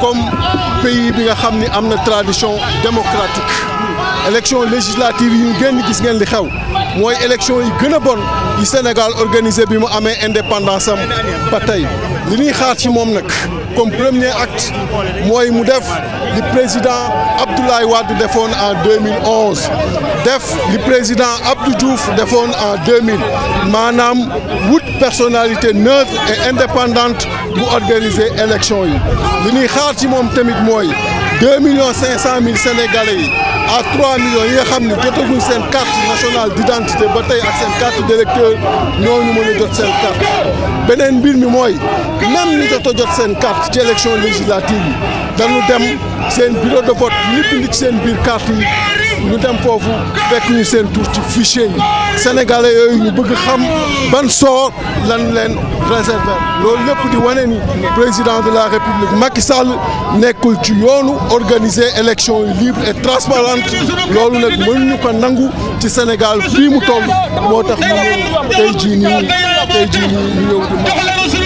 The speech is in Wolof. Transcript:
comme pays bi nga xam ni am na tradition démocratique élection législative yi ñu génn gis ngeen li xew mooy élection yi gën a bon yi Sénégal organisé bi mu amee indépendance am ba tey li ñuy xaar ci moom nag comme premier acte mooy mu def li président Abdoulaye Wade defoon en 2011 def li président Abdou Diouf defoon en 2000 maanaam wut personnalité neutre et indépendante bu organiser élection yi li ñuy xaar ci moom tamit mooy deux millions cinq cent mille sénégalais yi à trois millions yi nga xam ne jotaguñ seen carte nationale d'identité ba tey ak seen carte d'électeur ñooñu mën a jot seen carte beneen mbir mi mooy même ñi jot a jot seen carte ci élection législative yi dañu dem seen bureau de vote ñu bind ci seen biir kart yi ñu dem foofu fekk ñu seen tur ci fichier yi sénégalais yooyu ñu bëgg xam ban sort lan leen réserver loolu lépp di wane ni président de la république Macky Sall nekkul ci yoonu organiser élection yu libre et transparente loolu nag mënuñu ko nangu ci Sénégal fii mu toll moo tax ñu tey jii nii ñu ñëw di